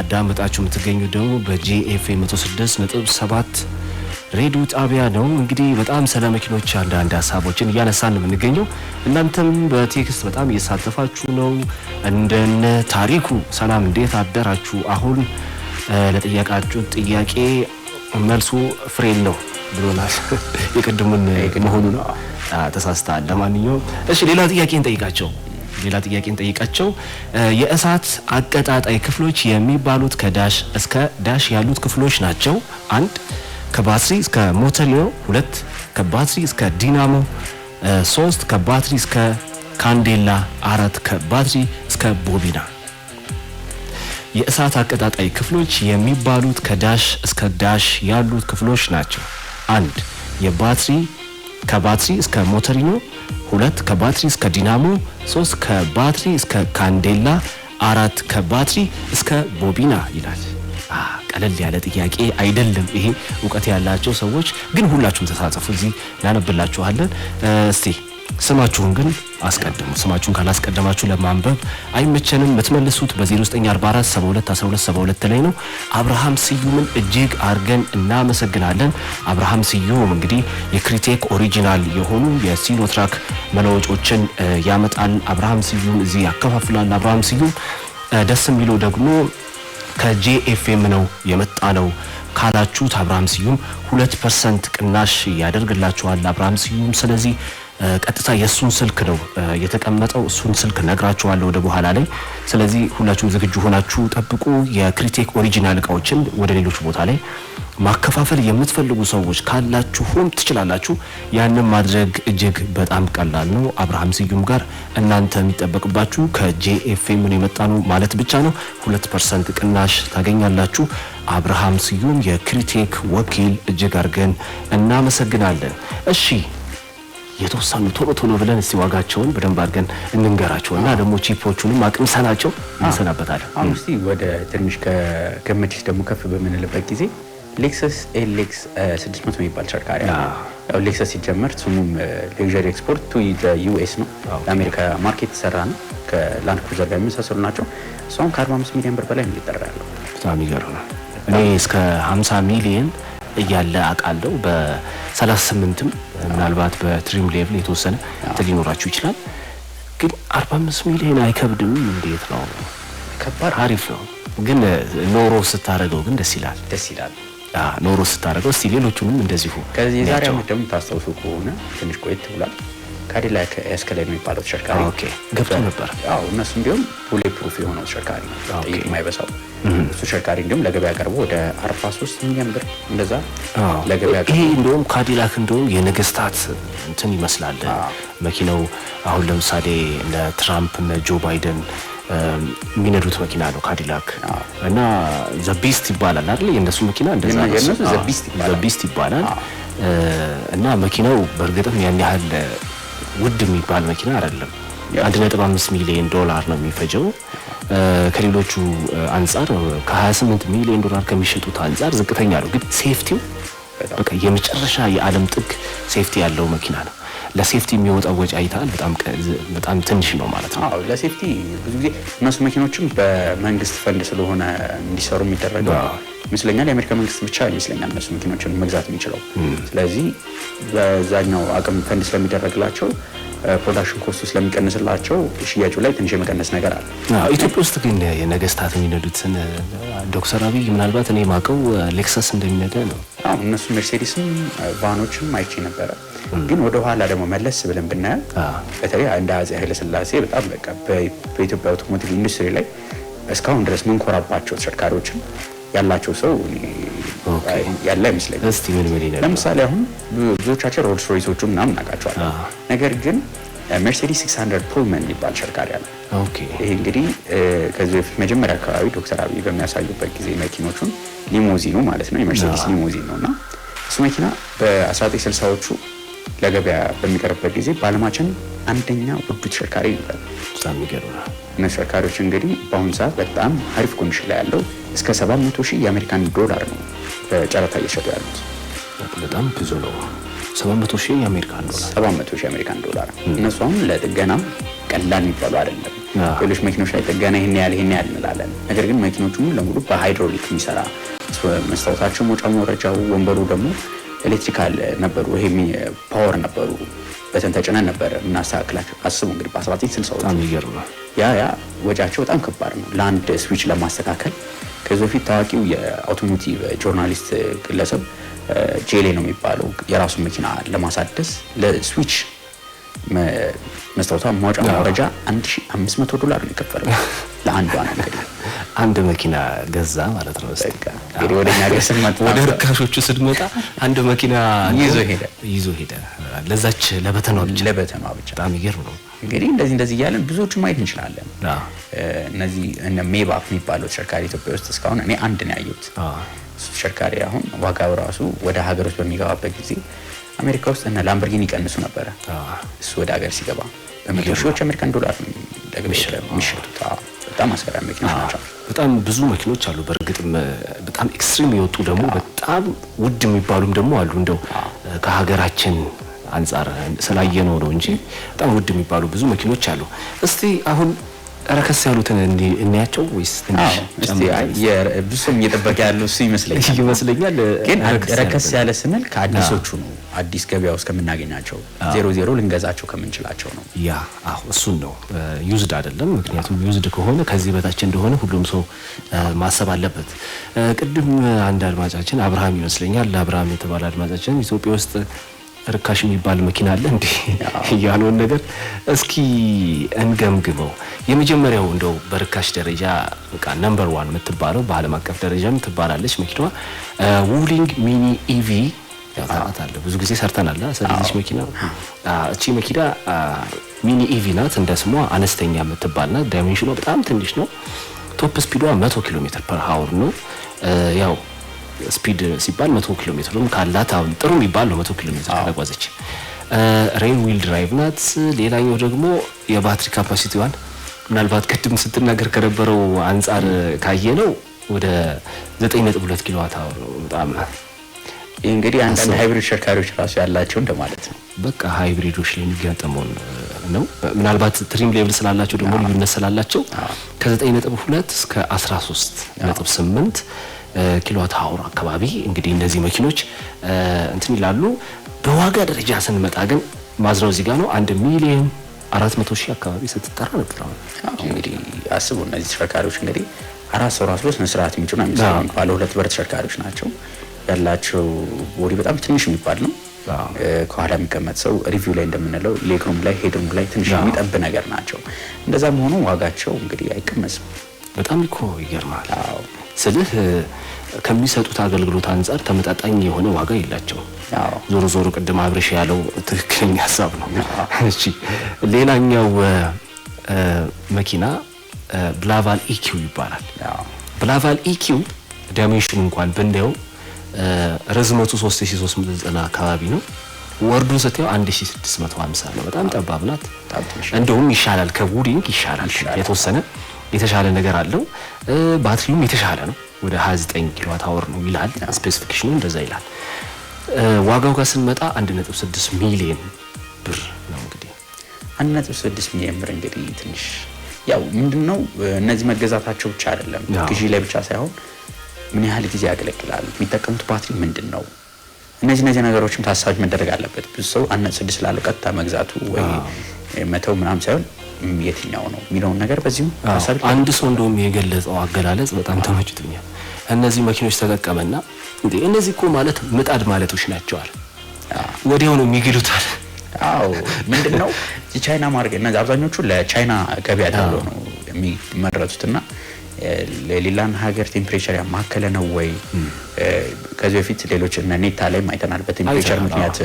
አዳመጣችሁ የምትገኙ ደግሞ በጂኤፍኤ 7 ሬዲዮ ጣቢያ ነው። እንግዲህ በጣም ስለ መኪኖች አንዳንድ ሀሳቦችን እያነሳን የምንገኘው እናንተም በቴክስት በጣም እየሳተፋችሁ ነው። እንደነ ታሪኩ ሰላም፣ እንዴት አደራችሁ? አሁን ለጠየቃችሁ ጥያቄ መልሱ ፍሬን ነው ብሎናል። የቅድሙን መሆኑ ነው። ተሳስተሃል። ለማንኛውም እሺ፣ ሌላ ጥያቄ እንጠይቃቸው። ሌላ ጥያቄ እንጠይቃቸው። የእሳት አቀጣጣይ ክፍሎች የሚባሉት ከዳሽ እስከ ዳሽ ያሉት ክፍሎች ናቸው። አንድ ከባትሪ እስከ ሞተሪዮ፣ ሁለት ከባትሪ እስከ ዲናሞ፣ ሶስት ከባትሪ እስከ ካንዴላ፣ አራት ከባትሪ እስከ ቦቢና። የእሳት አቀጣጣይ ክፍሎች የሚባሉት ከዳሽ እስከ ዳሽ ያሉት ክፍሎች ናቸው። አንድ የባትሪ ከባትሪ እስከ ሞተሪኖ፣ ሁለት ከባትሪ እስከ ዲናሞ፣ ሶስት ከባትሪ እስከ ካንዴላ፣ አራት ከባትሪ እስከ ቦቢና ይላል። ቀለል ያለ ጥያቄ አይደለም ይሄ። እውቀት ያላቸው ሰዎች ግን ሁላችሁም ተሳተፉ። እዚህ እናነብላችኋለን እስቲ ስማችሁን ግን አስቀድሙ። ስማችሁን ካላስቀደማችሁ ለማንበብ አይመቸንም። የምትመልሱት በ 1272 ላይ ነው። አብርሃም ስዩምን እጅግ አድርገን እናመሰግናለን። አብርሃም ስዩም እንግዲህ የክሪቴክ ኦሪጂናል የሆኑ የሲኖትራክ መለወጮችን ያመጣል። አብርሃም ስዩም እዚህ ያከፋፍላል። አብርሃም ስዩም ደስ የሚለው ደግሞ ከጄኤፍኤም ነው የመጣ ነው ካላችሁት አብርሃም ስዩም ሁለት ፐርሰንት ቅናሽ ያደርግላችኋል አብርሃም ስዩም ስለዚህ ቀጥታ የእሱን ስልክ ነው የተቀመጠው። እሱን ስልክ ነግራችኋለሁ ወደ በኋላ ላይ። ስለዚህ ሁላችሁም ዝግጁ ሆናችሁ ጠብቁ። የክሪቴክ ኦሪጂናል እቃዎችን ወደ ሌሎች ቦታ ላይ ማከፋፈል የምትፈልጉ ሰዎች ሁም ትችላላችሁ። ያንን ማድረግ እጅግ በጣም ቀላል ነው። አብርሃም ስዩም ጋር እናንተ የሚጠበቅባችሁ ከጄኤፍኤም ነው የመጣ ነው ማለት ብቻ ነው። ሁለት ፐርሰንት ቅናሽ ታገኛላችሁ። አብርሃም ስዩም የክሪቴክ ወኪል፣ እጅግ አድርገን እናመሰግናለን። እሺ የተወሰኑ ቶሎ ቶሎ ብለን እስቲ ዋጋቸውን በደንብ አድርገን እንንገራቸው እና ደግሞ ቺፖቹንም አቅምሰናቸው እንሰናበታለን። አሁን እስቲ ወደ ትንሽ ከገመትሽ ደግሞ ከፍ በምንልበት ጊዜ ሌክሰስ ኤሌክስ 600 የሚባል ተሽከርካሪ ያው ሌክሰስ ሲጀመር ስሙም ሌክዠሪ ኤክስፖርት ቱ ዩኤስ ነው። ለአሜሪካ ማርኬት የተሰራ ነው። ከላንድ ክሩዘር ጋር የሚመሳሰሉ ናቸው። እሷም ከ45 ሚሊዮን ብር በላይ ነው ሊጠራ ያለው። በጣም ይገርማል። እኔ እስከ 50 ሚሊዮን እያለ አቃለው በ በ38ም ምናልባት በትሪም ሌቭል የተወሰነ እንትን ሊኖራችሁ ይችላል። ግን 45 ሚሊዮን አይከብድም? እንዴት ነው? ከባድ አሪፍ ነው። ግን ኖሮ ስታደርገው ግን ደስ ይላል። ደስ ይላል ኖሮ ስታደርገው። እስቲ ሌሎቹንም እንደዚሁ ከዚህ የዛሬ ዓመት ደግሞ ታስታውሱ ከሆነ ትንሽ ቆየት ብሏል ካዲላክ ኤስካሌድ የሚባለው ተሽከርካሪ ገብቶ ነበር። አዎ እነሱም ቢሆን ቡሌት ፕሩፍ የሆነው ተሽከርካሪ ነው፣ ጥይት የማይበሳው እሱ ተሽከርካሪ እንዲሁም ለገበያ ቀርቦ ወደ 43 ሚሊዮን ብር እንደዛ ለገበያ ቀርቦ። ይሄ እንደውም ካዲላክ እንደውም የነገስታት እንትን ይመስላል መኪናው። አሁን ለምሳሌ እነ ትራምፕ እነ ጆ ባይደን የሚነዱት መኪና ነው ካዲላክ እና ዘቢስት ይባላል አይደል? የእነሱ መኪና እንደዛ ዘቢስት ይባላል እና መኪናው በእርግጥም ያን ያህል ውድ የሚባል መኪና አይደለም። አንድ ነጥብ አምስት ሚሊዮን ዶላር ነው የሚፈጀው። ከሌሎቹ አንጻር ከ28 ሚሊዮን ዶላር ከሚሸጡት አንጻር ዝቅተኛ ነው፣ ግን ሴፍቲው በቃ የመጨረሻ የዓለም ጥግ ሴፍቲ ያለው መኪና ነው። ለሴፍቲ የሚወጣው ወጪ አይተሃል? በጣም ትንሽ ነው ማለት ነው። አዎ ለሴፍቲ ብዙ ጊዜ እነሱ መኪኖችም በመንግስት ፈንድ ስለሆነ እንዲሰሩ የሚደረገው ይመስለኛል። የአሜሪካ መንግስት ብቻ ይመስለኛል እነሱ መኪኖችን መግዛት የሚችለው። ስለዚህ በዛኛው አቅም ፈንድ ስለሚደረግላቸው ፕሮዳክሽን ኮስቱ ስለሚቀንስላቸው ሽያጩ ላይ ትንሽ የመቀነስ ነገር አለ። ኢትዮጵያ ውስጥ ግን የነገስታት የሚነዱትን ዶክተር አብይ ምናልባት እኔ ማቀው ሌክሰስ እንደሚነዳ ነው። እነሱ ሜርሴዲስም ቫኖችም አይቼ ነበረ። ግን ወደኋላ ደግሞ መለስ ብለን ብናየው በተለይ እንደ አፄ ኃይለስላሴ በጣም በቃ በኢትዮጵያ አውቶሞቲቭ ኢንዱስትሪ ላይ እስካሁን ድረስ ምንኮራባቸው ተሽከርካሪዎችን ያላቸው ሰው ያለ አይመስለኝም። ለምሳሌ አሁን ብዙዎቻቸው ሮልስ ሮይሶቹ ምናምን እናውቃቸዋለን። ነገር ግን ሜርሴዲስ 600 ፑልመን የሚባል ተሽከርካሪ አለ። ይህ እንግዲህ ከዚህ በፊት መጀመሪያ አካባቢ ዶክተር አብይ በሚያሳዩበት ጊዜ መኪኖቹን ሊሞዚኑ ማለት ነው የመርሴዲስ ሊሞዚን ነው እና እሱ መኪና በ1960ዎቹ ለገበያ በሚቀርብበት ጊዜ በዓለማችን አንደኛ ውዱ ተሽከርካሪ ነበር። ተሽከርካሪዎች እንግዲህ በአሁኑ ሰዓት በጣም አሪፍ ኮንዲሽን ላይ ያለው እስከ 700 ሺህ የአሜሪካን ዶላር ነው በጨረታ እየሸጡ ያሉት። በጣም ብዙ ነው። 700 ሺህ የአሜሪካን ዶላር ሺህ የአሜሪካን እነሱ አሁን ለጥገናም ቀላል የሚባሉ አይደለም። ሌሎች መኪኖች ላይ ጥገና ይህን ያህል ይህን ያህል እንላለን። ነገር ግን መኪኖቹ ሙሉ ለሙሉ በሃይድሮሊክ የሚሰራ መስታወታቸው፣ መውጫ መውረጃው፣ ወንበሩ ደግሞ ኤሌክትሪካል ነበሩ። ይሄ ፓወር ነበሩ። በተን ተጭነን ነበረ የምናስተካክላቸው። አስቡ እንግዲህ በ1960 ያ ያ ወጪያቸው በጣም ከባድ ነው ለአንድ ስዊች ለማስተካከል። ከዚ በፊት ታዋቂው የአውቶሞቲቭ ጆርናሊስት ግለሰብ ጄሌ ነው የሚባለው የራሱ መኪና ለማሳደስ ለስዊች መስታወቷ ማውጫ ማውረጃ 1500 ዶላር ነው የከፈለው። ለአንዷ ነገር አንድ መኪና ገዛ ማለት ነው። እስቲ እንግዲህ ወደ እኛ ስንመጣ ወደ ርካሾቹ ስንመጣ አንድ መኪና ይዞ ሄደ ይዞ ሄደ። ለዛች ለበተና ብቻ ለበተና ብቻ። በጣም ይገርም ነው። እንግዲህ እንደዚህ እንደዚህ እያለን ብዙዎቹ ማየት እንችላለን። እነዚህ እነ ሜባክ የሚባለው ተሽከርካሪ ኢትዮጵያ ውስጥ እስካሁን እኔ አንድ ነው ያየሁት ተሽከርካሪ። አሁን ዋጋው ራሱ ወደ ሀገር ውስጥ በሚገባበት ጊዜ አሜሪካ ውስጥ እነ ላምበርጊኒ ይቀንሱ ነበረ። እሱ ወደ ሀገር ሲገባ በመቶ ሺዎች አሜሪካን ዶላር የሚሸጡት በጣም አስገራሚ መኪኖች ናቸው። በጣም ብዙ መኪኖች አሉ። በእርግጥም በጣም ኤክስትሪም የወጡ ደግሞ በጣም ውድ የሚባሉም ደግሞ አሉ። እንደው ከሀገራችን አንጻር ስላየነው ነው እንጂ በጣም ውድ የሚባሉ ብዙ መኪኖች አሉ። እስቲ አሁን ረከስ ያሉትን እናያቸው ወይስ ብዙ እየጠበቀ ያለው እሱ ይመስለኛል። ግን ረከስ ያለ ስንል ከአዲሶቹ ነው አዲስ ገበያ ውስጥ ከምናገኛቸው ዜሮ ዜሮ ልንገዛቸው ከምንችላቸው ነው። ያ አሁ እሱን ነው ዩዝድ አይደለም። ምክንያቱም ዩዝድ ከሆነ ከዚህ በታች እንደሆነ ሁሉም ሰው ማሰብ አለበት። ቅድም አንድ አድማጫችን አብርሃም ይመስለኛል ለአብርሃም የተባለ አድማጫችን ኢትዮጵያ ውስጥ ርካሽ የሚባል መኪና አለ እንዴ ያለውን ነገር እስኪ እንገምግመው። የመጀመሪያው እንደው በርካሽ ደረጃ በቃ ነምበር ዋን የምትባለው በዓለም አቀፍ ደረጃም ትባላለች መኪናዋ ውሊንግ ሚኒ ኢቪ ያውታት አለ ብዙ ጊዜ ሰርተናል። ስለዚህ መኪና እቺ መኪና ሚኒ ኢቪ ናት። እንደ ስሟ አነስተኛ የምትባል ናት። ዳይሜንሽኗ በጣም ትንሽ ነው። ቶፕ ስፒዷ 100 ኪሎ ሜትር ፐር ሀውር ነው። ያው ስፒድ ሲባል 100 ኪሎ ሜትር ካላት አሁን ጥሩ የሚባል ነው። 100 ኪሎ ሜትር ከተጓዘች ሬን ዊል ድራይቭ ናት። ሌላኛው ደግሞ የባትሪ ካፓሲቲዋን ምናልባት ቅድም ስትናገር ከነበረው አንጻር ካየ ነው ወደ 9.2 ኪሎዋት አወር ነው በጣም ናት። ይህ እንግዲህ አንዳንድ ሃይብሪድ ተሽከርካሪዎች ራሱ ያላቸው እንደማለት ነው። በቃ ሃይብሪዶች ላይ የሚጋጠመውን ነው። ምናልባት ትሪም ሌቭል ስላላቸው ደግሞ ልዩነት ስላላቸው ከ9.2 እስከ 13.8 ኪሎዋት ሀውር አካባቢ እንግዲህ እነዚህ መኪኖች እንትን ይላሉ። በዋጋ ደረጃ ስንመጣ ግን ማዝራው እዚህ ጋር ነው። አንድ ሚሊዮን አራት መቶ ሺህ አካባቢ ስትጠራ ነበር። እንግዲህ አስቡ እነዚህ ተሽከርካሪዎች እንግዲህ አራት ሰው ራስ መስራት የሚችሉ ባለ ሁለት በር ተሽከርካሪዎች ናቸው። ያላቸው ቦዲ በጣም ትንሽ የሚባል ነው። ከኋላ የሚቀመጥ ሰው ሪቪው ላይ እንደምንለው ሌግሩም ላይ ሄድሩም ላይ ትንሽ የሚጠብ ነገር ናቸው። እንደዛ መሆኑ ዋጋቸው እንግዲህ አይቀመስም። በጣም እኮ ይገርማል ስልህ ከሚሰጡት አገልግሎት አንጻር ተመጣጣኝ የሆነ ዋጋ የላቸው። ዞሮ ዞሮ ቅድም አብርሽ ያለው ትክክለኛ ሀሳብ ነው። እሺ ሌላኛው መኪና ብላቫል ኢኪው ይባላል። ብላቫል ኢኪው ዳይሜንሽኑ እንኳን ብንደው ርዝመቱ 3390 አካባቢ ነው። ወርዱን ስትየው 1650 ነው። በጣም ጠባብ ናት። እንደውም ይሻላል፣ ከውዲንግ ይሻላል። የተወሰነ የተሻለ ነገር አለው። ባትሪውም የተሻለ ነው። ወደ 29 ኪሎዋት አወር ነው ይላል ስፔሲፊኬሽኑ፣ እንደዛ ይላል። ዋጋው ጋር ስንመጣ 1.6 ሚሊዮን ብር ነው። እንግዲህ 1.6 ሚሊዮን ብር እንግዲህ ትንሽ ያው ምንድነው እነዚህ መገዛታቸው ብቻ አይደለም ግዢ ላይ ብቻ ሳይሆን ምን ያህል ጊዜ ያገለግላል፣ የሚጠቀሙት ባትሪ ምንድን ነው? እነዚህ እነዚህ ነገሮችም ታሳቢ መደረግ አለበት። ብዙ ሰው አነ ስድስት ላለው ቀጥታ መግዛቱ ወይ መተው ምናም ሳይሆን የትኛው ነው የሚለውን ነገር በዚሁ አንድ ሰው እንደውም የገለጸው አገላለጽ በጣም ተመችቶኛል። እነዚህ መኪኖች ተጠቀመና እንዴ እነዚህ እኮ ማለት ምጣድ ማለቶች ናቸዋል። ወዲያው ነው የሚግሉታል። አዎ ምንድን ነው የቻይና ማርኬት፣ እነዚህ አብዛኞቹ ለቻይና ገበያ ተብሎ ነው የሚመረቱትና ለሌላን ሀገር ቴምፕሬቸር ያማከለ ነው ወይ? ከዚህ በፊት ሌሎች እነ ኔታ አይተናል። በቴምፕሬቸር ምክንያት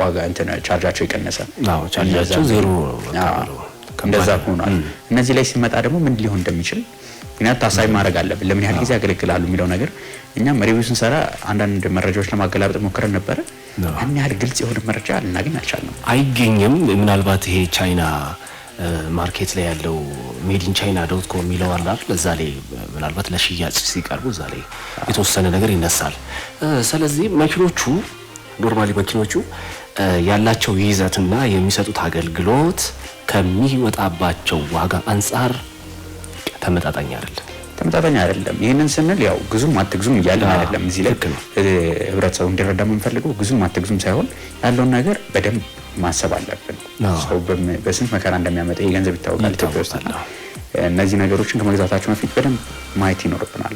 ዋጋ እንትን ቻርጃቸው የቀነሰ እንደዛ ሆኗል። እነዚህ ላይ ሲመጣ ደግሞ ምን ሊሆን እንደሚችል ምክንያት ታሳቢ ማድረግ አለብን። ለምን ያህል ጊዜ ያገለግላሉ የሚለው ነገር እኛም ሪቪው ስንሰራ አንዳንድ መረጃዎች ለማገላበጥ ሞክረን ነበረ። ያን ያህል ግልጽ የሆነ መረጃ ልናገኝ አልቻለም። አይገኝም። ምናልባት ይሄ ቻይና ማርኬት ላይ ያለው ሜድን ቻይና ዶት ኮም የሚለው አለ አይደል? እዛ ላይ ምናልባት ለሽያጭ ሲቀርቡ እዛ ላይ የተወሰነ ነገር ይነሳል። ስለዚህ መኪኖቹ ኖርማሊ መኪኖቹ ያላቸው ይዘትና የሚሰጡት አገልግሎት ከሚወጣባቸው ዋጋ አንጻር ተመጣጣኝ አይደለም። ተመጣጣኝ አይደለም። ይህንን ስንል ያው ግዙም አትግዙም እያለን አይደለም። እዚህ ላይ ህብረተሰቡ እንዲረዳ የምንፈልገው ግዙም አትግዙም ሳይሆን ያለውን ነገር በደንብ ማሰብ አለብን። ሰው በስንት መከራ እንደሚያመጣ የገንዘብ ይታወቃል ኢትዮጵያ ውስጥ እነዚህ ነገሮችን ከመግዛታቸው በፊት በደንብ ማየት ይኖርብናል።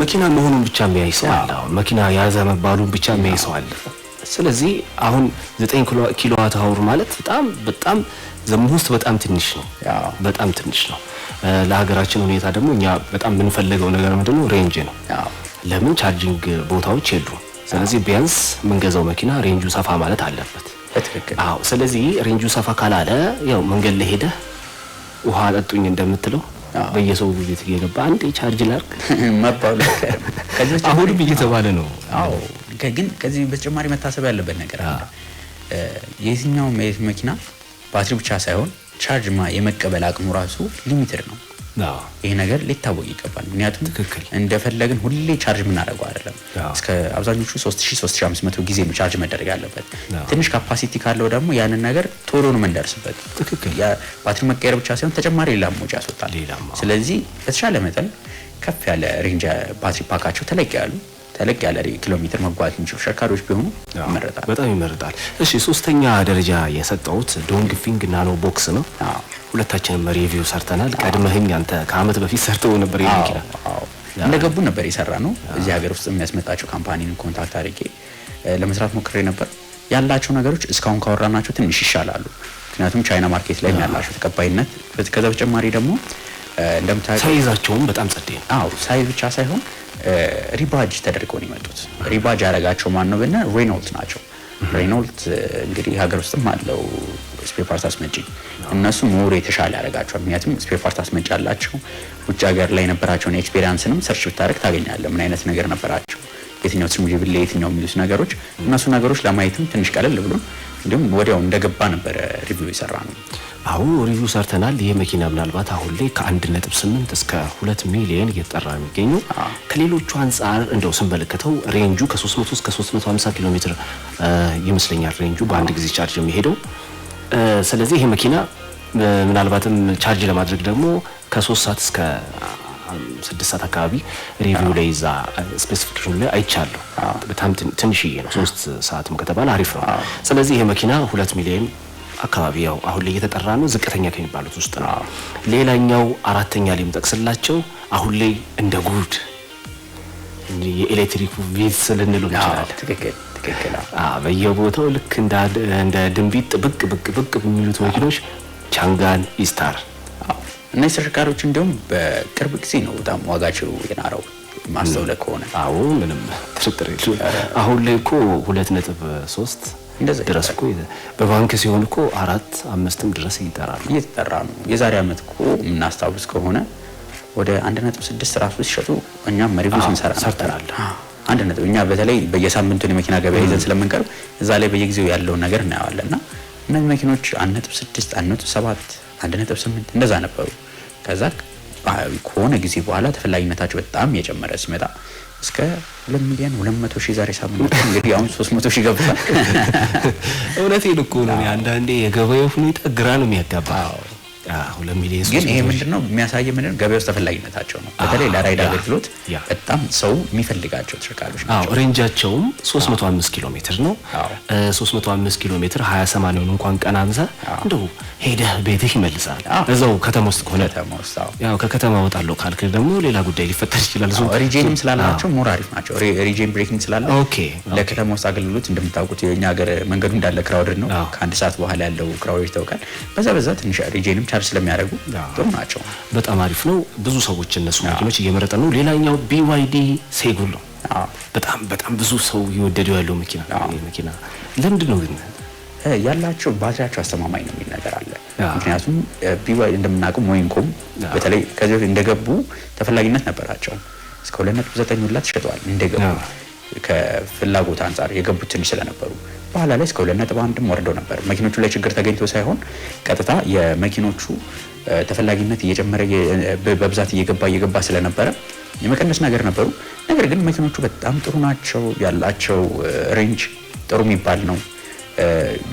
መኪና መሆኑን ብቻ የሚያይ ሰው አለ። መኪና ያዘ መባሉን ብቻ የሚያይ ሰው አለ። ስለዚህ አሁን ዘጠኝ ኪሎዋት አወር ማለት በጣም በጣም ዘመን ውስጥ በጣም ትንሽ ነው፣ በጣም ትንሽ ነው። ለሀገራችን ሁኔታ ደግሞ እኛ በጣም የምንፈልገው ነገር ነው? ሬንጅ ነው። ለምን ቻርጂንግ ቦታዎች የሉም። ስለዚህ ቢያንስ የምንገዛው መኪና ሬንጁ ሰፋ ማለት አለበት። አዎ። ስለዚህ ሬንጁ ሰፋ ካላለ ያው መንገድ ለሄደ ውሃ ጠጡኝ እንደምትለው በየሰው ቤት እየገባ አንድ ቻርጅ ላርግ መባሉ አሁንም እየተባለ ነው። አዎ። ግን ከዚህ በተጨማሪ መታሰብ ያለበት ነገር አለ። የትኛውም መኪና ባትሪ ብቻ ሳይሆን ቻርጅ የመቀበል አቅሙ ራሱ ሊሚትድ ነው። ይህ ነገር ሊታወቅ ይገባል። ምክንያቱም እንደፈለግን ሁሌ ቻርጅ የምናደርገው አይደለም። እስከ አብዛኞቹ 3500 ጊዜ ነው ቻርጅ መደረግ ያለበት። ትንሽ ካፓሲቲ ካለው ደግሞ ያንን ነገር ቶሎ ነው የምንደርስበት። ባትሪ መቀየር ብቻ ሳይሆን ተጨማሪ ሌላ ወጪ ያስወጣል። ስለዚህ በተሻለ መጠን ከፍ ያለ ሬንጅ ባትሪ ፓካቸው ተለቅ ያሉ ተለቅ ያለ ኪሎ ሜትር መጓዝ የሚችሉ ሸካሪዎች ቢሆኑ ይመረጣል። በጣም ይመረጣል። እሺ፣ ሶስተኛ ደረጃ የሰጠሁት ፊንግ ናኖ ቦክስ ነው። ሁለታችንም ሪቪው ሰርተናል። ቀድመህኝ አንተ ከአመት በፊት ሰርተው ነበር መኪና እንደገቡ ነበር የሰራ ነው። እዚህ ሀገር ውስጥ የሚያስመጣቸው ካምፓኒን ኮንታክት አድርጌ ለመስራት ሞክሬ ነበር። ያላቸው ነገሮች እስካሁን ካወራናቸው ትንሽ ይሻላሉ። ምክንያቱም ቻይና ማርኬት ላይ ያላቸው ተቀባይነት፣ ከዛ በተጨማሪ ደግሞ እንደምታ ሳይዛቸውም በጣም ጸዴ ነው። ሳይዝ ብቻ ሳይሆን ሪባጅ ተደርገው ነው የመጡት። ሪባጅ ያደረጋቸው ማን ነው ብና ሬኖልት ናቸው። ሬኖልት እንግዲህ ሀገር ውስጥም አለው ስፔፓርት አስመጪ። እነሱ ሞር የተሻለ ያደረጋቸዋል። ምክንያቱም ስፔፓርት አስመጪ አላቸው። ውጭ ሀገር ላይ የነበራቸውን ኤክስፔሪንስንም ሰርች ብታደረግ ታገኛለ ምን አይነት ነገር ነበራቸው የትኛው ትርሙዥብል የትኛው የሚሉት ነገሮች እነሱ ነገሮች ለማየትም ትንሽ ቀለል ብሎ እንዲሁም ወዲያው እንደገባ ነበረ ሪቪው የሰራ ነው። አሁን ሪቪው ሰርተናል። ይሄ መኪና ምናልባት አሁን ላይ ከአንድ ነጥብ ስምንት እስከ ሁለት ሚሊየን እየተጠራ የሚገኘው ከሌሎቹ አንጻር እንደው ስንመለከተው ሬንጁ ከ300 እስከ 350 ኪሎ ሜትር ይመስለኛል ሬንጁ በአንድ ጊዜ ቻርጅ የሚሄደው ስለዚህ ይሄ መኪና ምናልባትም ቻርጅ ለማድረግ ደግሞ ከሶስት ሰዓት እስከ ስድስት ሰዓት አካባቢ ሪቪው ላይ ዛ ስፔሲፊኬሽን ላይ አይቻለሁ። በጣም ትንሽዬ ነው፣ ሶስት ሰዓትም ከተባለ አሪፍ ነው። ስለዚህ ይሄ መኪና ሁለት ሚሊዮን አካባቢ ያው አሁን ላይ እየተጠራ ነው፣ ዝቅተኛ ከሚባሉት ውስጥ ነው። ሌላኛው አራተኛ ላይ የምጠቅስላቸው አሁን ላይ እንደ ጉድ የኤሌክትሪክ ቤት ልንሉ ይችላል። ትክክል ትክክል። በየቦታው ልክ እንደ ድንቢጥ ብቅ ብቅ ብቅ የሚሉት መኪኖች ቻንጋን ኢስታር እነዚህ ተሽከርካሪዎች እንዲሁም በቅርብ ጊዜ ነው በጣም ዋጋቸው የናረው ማስተውለ ከሆነ አዎ፣ ምንም ጥርጥር የለም። አሁን ላይ እኮ ሁለት ነጥብ ሶስት ድረስ እኮ በባንክ ሲሆን እኮ አራት አምስትም ድረስ ይጠራሉ እየተጠራ ነው። የዛሬ ዓመት እኮ የምናስታውስ ከሆነ ወደ አንድ ነጥብ ስድስት ራሱ ሲሸጡ እኛም መሪቡ ስንሰራ ሰርተናል። አንድ ነጥብ እኛ በተለይ በየሳምንቱን የመኪና ገበያ ይዘን ስለምንቀርብ እዛ ላይ በየጊዜው ያለውን ነገር እናየዋለን እና እነዚህ መኪኖች አንድ ነጥብ ስድስት አንድ ነጥብ ሰባት አንድ ነጥብ ስምንት እንደዛ ነበሩ። ከዛ ከሆነ ጊዜ በኋላ ተፈላጊነታቸው በጣም የጨመረ ሲመጣ እስከ ሁለት ሚሊዮን ሁለት መቶ ሺህ ዛሬ ሳምንት እንግዲህ አሁን ሶስት መቶ ሺህ ገብቷል። እውነቴን እኮ ነው። አንዳንዴ የገበያው ሁኔታ ግራ ነው የሚያጋባ ግን ይሄ ምንድነው የሚያሳየ ምንድን ገበያ ውስጥ ተፈላጊነታቸው ነው። በተለይ ለራይድ አገልግሎት በጣም ሰው የሚፈልጋቸው ተሽከርካሪዎች ናቸው። ሬንጃቸውም 305 ኪሎ ሜትር ነው። 305 ኪሎ ሜትር 28 እንኳን ቀን አንሳ እንደው ሄደህ ቤትህ ይመልሳል። እዛው ከተማ ውስጥ ከሆነ ያው ከከተማ ወጣለሁ ካልክ ደግሞ ሌላ ጉዳይ ሊፈጠር ይችላል። ሪጄንም ስላላቸው ሞር አሪፍ ናቸው። ሪጄን ብሬኪንግ ስላለ ለከተማ ውስጥ አገልግሎት እንደምታውቁት የኛ ሀገር መንገዱ እንዳለ ክራውድድ ነው። ከአንድ ሰዓት በኋላ ያለው ክራውድ ይታወቃል። በዛ በዛ ትንሽ ሪጄንም ሸር ስለሚያደርጉ ጥሩ ናቸው። በጣም አሪፍ ነው። ብዙ ሰዎች እነሱ መኪኖች እየመረጠ ነው። ሌላኛው ቢዋይዲ ሴጉል ነው። በጣም በጣም ብዙ ሰው እየወደደው ያለው መኪና መኪና ለምንድን ነው ግን ያላቸው ባትሪያቸው አስተማማኝ ነው የሚል ነገር አለ። ምክንያቱም ቢዋይ እንደምናውቀው ሞይንኮም በተለይ ከዚህ በፊት እንደገቡ ተፈላጊነት ነበራቸው። እስከ 2.9 ሁላ ተሸጠዋል እንደገቡ ከፍላጎት አንጻር የገቡት ትንሽ ስለነበሩ በኋላ ላይ እስከ ሁለት ነጥብ አንድም ወርደው ነበር። መኪኖቹ ላይ ችግር ተገኝቶ ሳይሆን ቀጥታ የመኪኖቹ ተፈላጊነት እየጨመረ በብዛት እየገባ እየገባ ስለነበረ የመቀነስ ነገር ነበሩ። ነገር ግን መኪኖቹ በጣም ጥሩ ናቸው። ያላቸው ሬንጅ ጥሩ የሚባል ነው።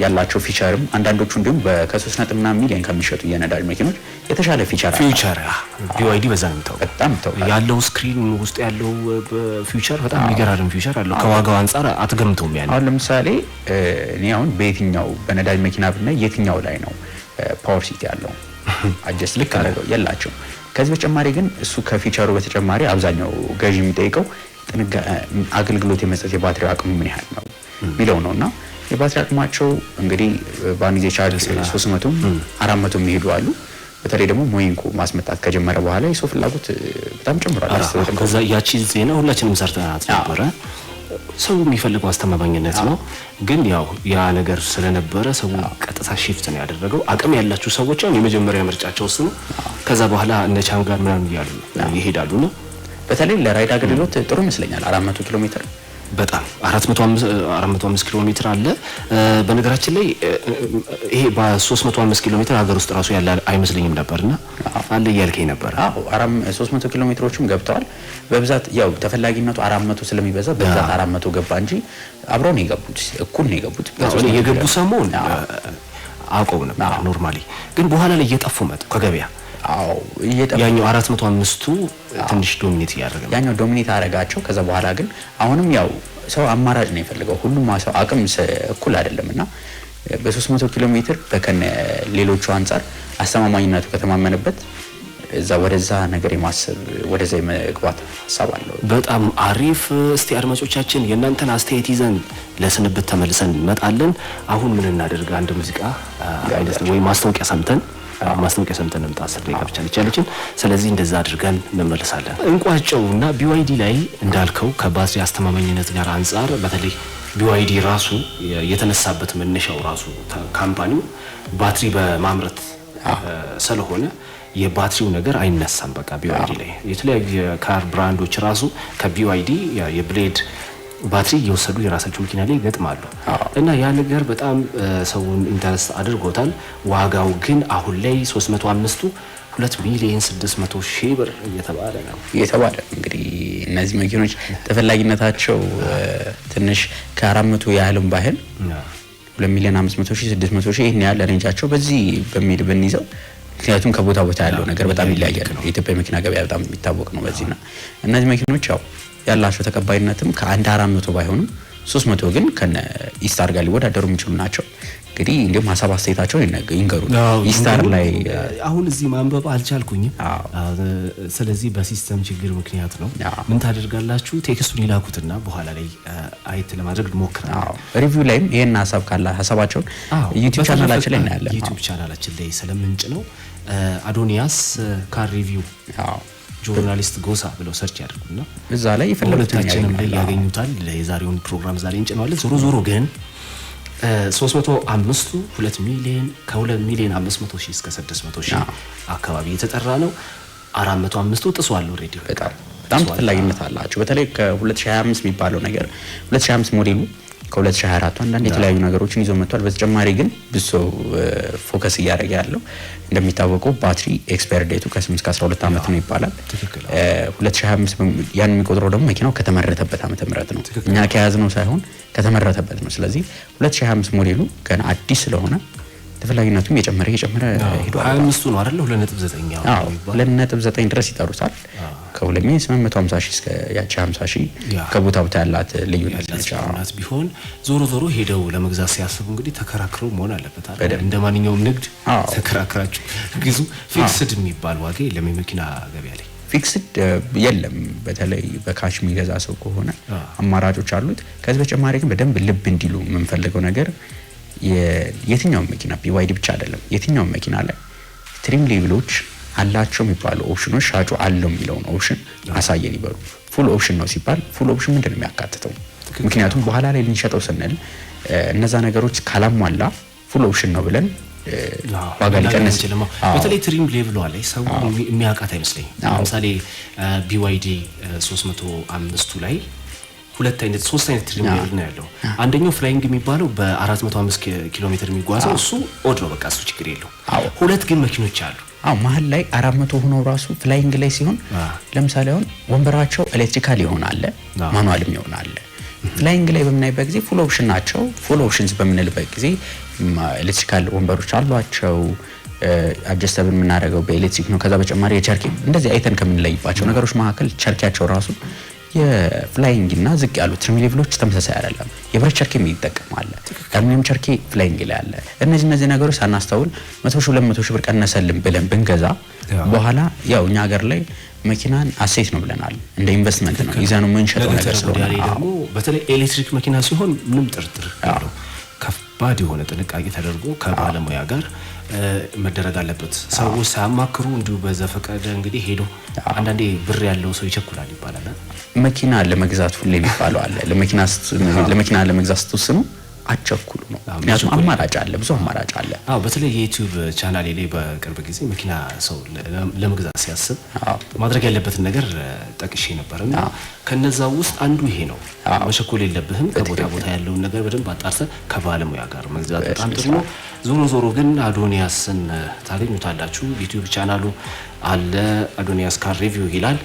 ያላቸው ፊቸርም አንዳንዶቹ እንዲሁም ከሶስት ነጥብ ምናምን ሚሊዮን ከሚሸጡ የነዳጅ መኪኖች የተሻለ ፊቸር ፊቸር ቢዋይዲ በዛ የሚታወቅ በጣም ያለው ስክሪን ውስጥ ያለው ፊቸር በጣም የሚገራርም ፊቸር አለው። ከዋጋው አንጻር አትገምተውም። ያለ አሁን ለምሳሌ እኔ አሁን በየትኛው በነዳጅ መኪና ብናይ የትኛው ላይ ነው ፓወር ሲት ያለው አጀስት ልክ አደረገው የላቸው። ከዚህ በተጨማሪ ግን እሱ ከፊቸሩ በተጨማሪ አብዛኛው ገዢ የሚጠይቀው አገልግሎት የመስጠት የባትሪው አቅሙ ምን ያህል ነው የሚለው ነው እና የባትሪ አቅማቸው እንግዲህ በአንድ ጊዜ ቻርጅ ሶስት መቶም አራት መቶ የሚሄዱ አሉ። በተለይ ደግሞ ሞይንኮ ማስመጣት ከጀመረ በኋላ የሰው ፍላጎት በጣም ጨምሯል። ከዛ ያቺ ዜና ሁላችንም ሰርተናት ነበረ። ሰው የሚፈልገው አስተማማኝነት ነው። ግን ያው ያ ነገር ስለነበረ ሰው ቀጥታ ሺፍት ነው ያደረገው። አቅም ያላችሁ ሰዎች የመጀመሪያ ምርጫቸው እሱ ነው። ከዛ በኋላ እነ ቻም ጋር ምናምን እያሉ ይሄዳሉ ነው። በተለይ ለራይድ አገልግሎት ጥሩ ይመስለኛል አራት መቶ ኪሎ ሜትር በጣም 405 ኪሎ ሜትር አለ። በነገራችን ላይ ይሄ በ305 ኪሎ ሜትር ሀገር ውስጥ ራሱ ያለ አይመስለኝም ነበርና አለ እያልከኝ ነበር። አዎ 300 ኪሎ ሜትሮችም ገብተዋል በብዛት ያው ተፈላጊነቱ 400 ስለሚበዛ በብዛት 400 ገባ እንጂ አብረው ነው የገቡት፣ እኩል ነው የገቡት። የገቡ ሰሞን አቆም ነበር ኖርማሊ፣ ግን በኋላ ላይ እየጠፉ መጡ ከገበያ ያኛው አራት መቶ አምስቱ ትንሽ ዶሚኔት እያደረገ ያኛው ዶሚኔት አደረጋቸው። ከዛ በኋላ ግን አሁንም ያው ሰው አማራጭ ነው የፈልገው። ሁሉም ሰው አቅም እኩል አይደለም እና በ300 ኪሎ ሜትር በከነ ሌሎቹ አንጻር አስተማማኝነቱ ከተማመንበት እዛ ወደዛ ነገር የማሰብ ወደዛ የመግባት ሀሳብ አለው። በጣም አሪፍ። እስቲ አድማጮቻችን የእናንተን አስተያየት ይዘን ለስንብት ተመልሰን እንመጣለን። አሁን ምን እናደርግ? አንድ ሙዚቃ አይነት ወይም ማስታወቂያ ሰምተን ማስታወቂያ ሰምተን እንምጣ ስር ደቂቃ ብቻ ስለዚህ እንደዛ አድርገን እንመለሳለን። እንቋጨው እና ቢዋይዲ ላይ እንዳልከው ከባትሪ አስተማማኝነት ጋር አንጻር በተለይ ቢዋይዲ ራሱ የተነሳበት መነሻው ራሱ ካምፓኒው ባትሪ በማምረት ስለሆነ የባትሪው ነገር አይነሳም። በቃ ቢዋይዲ ላይ የተለያዩ የካር ብራንዶች ራሱ ከቢዋይዲ የብሌድ ባትሪ እየወሰዱ የራሳቸው መኪና ላይ ይገጥማሉ እና ያ ነገር በጣም ሰውን ኢንተረስት አድርጎታል። ዋጋው ግን አሁን ላይ 305ቱ 2 ሚሊዮን 600 ሺህ ብር እየተባለ ነው እየተባለ እንግዲህ እነዚህ መኪኖች ተፈላጊነታቸው ትንሽ ከ400 ያህልም ባህል 2 ሚሊዮን 500 ሺህ 600 ሺህ ይህን ያህል ሬንጃቸው በዚህ በሚል ብንይዘው ምክንያቱም ከቦታ ቦታ ያለው ነገር በጣም ይለያያል። የኢትዮጵያ መኪና ገበያ በጣም የሚታወቅ ነው በዚህና እነዚህ መኪኖች ያው ያላቸው ተቀባይነትም ከአንድ አራት መቶ ባይሆንም ሶስት መቶ ግን ከነ ኢስታር ጋር ሊወዳደሩ የሚችሉ ናቸው። እንግዲህ እንዲሁም ሀሳብ አስተያየታቸውን ይንገሩ። ኢስታር ላይ አሁን እዚህ ማንበብ አልቻልኩኝም። ስለዚህ በሲስተም ችግር ምክንያት ነው። ምን ታደርጋላችሁ? ቴክስቱን ይላኩትና በኋላ ላይ አይት ለማድረግ እንሞክራለን። ሪቪው ላይም ይህን ሀሳብ ካለ ሀሳባቸውን ዩቲዩብ ቻናላችን ላይ እናያለን። ዩቲዩብ ቻናላችን ላይ ስለምንጭ ነው አዶኒያስ ካር ሪቪው ጆርናሊስት ጎሳ ብለው ሰርች ያደርጉና እዛ ላይ የፈለጉታችንም ላይ ያገኙታል። የዛሬውን ፕሮግራም ዛሬ እንጭነዋለን። ዞሮ ዞሮ ግን 305ቱ 2 ሚሊዮን ከ2 ሚሊዮን 500 ሺህ እስከ 600 ሺህ አካባቢ የተጠራ ነው። 405ቱ ጥሷል። ኦልሬዲ በጣም ተፈላጊነት አላቸው። በተለይ ከ2025 የሚባለው ነገር 2025 ሞዴሉ ከ2024 አንዳንድ የተለያዩ ነገሮችን ይዞ መጥቷል። በተጨማሪ ግን ብዙ ሰው ፎከስ እያደረገ ያለው እንደሚታወቀው ባትሪ ኤክስፐር ዴቱ ከ8 እስከ 12 ዓመት ነው ይባላል። 2025 ያን የሚቆጥረው ደግሞ መኪናው ከተመረተበት ዓመተ ምህረት ነው፣ እኛ ከያዝነው ሳይሆን ከተመረተበት ነው። ስለዚህ 2025 ሞዴሉ ገና አዲስ ስለሆነ ተፈላጊነቱም የጨመረ የጨመረ ሄዷል። 25ቱ ነው አይደል? 2.9 ድረስ ይጠሩታል። ከሁለት ሚሊዮን ስምንት ሺህ እስከ ያቺ ሀምሳ ሺህ ከቦታ ቦታ ያላት ልዩነት ቢሆን ዞሮ ዞሮ ሄደው ለመግዛት ሲያስቡ እንግዲህ ተከራክረው መሆን አለበት። እንደ ማንኛውም ንግድ ተከራክራችሁ ግዙ። ፊክስድ የሚባል ዋጋ የለም የመኪና ገበያ ላይ ፊክስድ የለም። በተለይ በካሽ የሚገዛ ሰው ከሆነ አማራጮች አሉት። ከዚህ በተጨማሪ ግን በደንብ ልብ እንዲሉ የምንፈልገው ነገር የትኛውም መኪና ቢዋይዲ ብቻ አይደለም፣ የትኛውም መኪና ላይ ትሪም ሌብሎች አላቸው የሚባሉ ኦፕሽኖች ሻጩ አለው የሚለውን ኦፕሽን አሳየን ይበሉ። ፉል ኦፕሽን ነው ሲባል ፉል ኦፕሽን ምንድን ነው የሚያካትተው? ምክንያቱም በኋላ ላይ ልንሸጠው ስንል እነዛ ነገሮች ካላሟላ ፉል ኦፕሽን ነው ብለን ዋጋ ሊቀንስ በተለይ ትሪም ሌቭሏ ላይ ሰው የሚያውቃት አይመስለኝም። ለምሳሌ ቢዋይዲ 305ቱ ላይ ሁለት አይነት ሶስት አይነት ትሪም ሌቭል ነው ያለው። አንደኛው ፍላይንግ የሚባለው በ405 ኪሎ ሜትር የሚጓዘው እሱ ኦድ ነው፣ በቃ እሱ ችግር የለው። ሁለት ግን መኪኖች አሉ አዎ መሀል ላይ አራት መቶ ሆኖ ራሱ ፍላይንግ ላይ ሲሆን ለምሳሌ አሁን ወንበራቸው ኤሌክትሪካል ይሆናል፣ ማኑዋልም ይሆናል። ፍላይንግ ላይ በምናይበት ጊዜ ፉል ኦፕሽን ናቸው። ፉል ኦፕሽንስ በምንልበት ጊዜ ኤሌክትሪካል ወንበሮች አሏቸው። አጀስተብን የምናደርገው በኤሌክትሪክ ነው። ከዛ በጨማሪ የቸርኪ እንደዚህ አይተን ከምንለይባቸው ነገሮች መካከል ቸርኪያቸው ራሱ የፍላይንግ እና ዝቅ ያሉ ትሪም ሌቭሎች ተመሳሳይ አይደለም። የብረት ቸርኬ የሚጠቀማለ አለ፣ ቸርኬ ፍላይንግ ላይ አለ። እነዚህ እነዚህ ነገሮች ሳናስተውል መቶ ሺ ሁለት መቶ ሺህ ብር ቀነሰልን ብለን ብንገዛ በኋላ ያው እኛ ሀገር ላይ መኪናን አሴት ነው ብለናል። እንደ ኢንቨስትመንት ነው ነው የምንሸጠው ነገር ስለሆነ በተለይ ኤሌክትሪክ መኪና ሲሆን ምንም ጥርጥር ባድ የሆነ ጥንቃቄ ተደርጎ ከባለሙያ ጋር መደረግ አለበት። ሰዎች ሳያማክሩ እንዲሁ በዘፈቀደ እንግዲህ ሄዶ አንዳንዴ ብር ያለው ሰው ይቸኩላል ይባላል። መኪና ለመግዛት ሁሌ የሚባለው አለ። ለመኪና ለመግዛት ስትወስኑ አቸኩሉ ነው። ምክንያቱም አማራጭ አለ፣ ብዙ አማራጭ አለ። አዎ በተለይ የዩቲዩብ ቻናል ላይ በቅርብ ጊዜ መኪና ሰው ለመግዛት ሲያስብ ማድረግ ያለበትን ነገር ጠቅሼ ነበር እና ከነዛ ውስጥ አንዱ ይሄ ነው። መሸኮል የለብህም። ከቦታ ቦታ ያለውን ነገር በደንብ አጣርተህ ከባለሙያ ጋር መግዛት በጣም ጥሩ ነው። ዞሮ ዞሮ ግን አዶኒያስን ታገኙታላችሁ። ዩቲዩብ ቻናሉ አለ፣ አዶኒያስ ካር ሪቪው ይላል።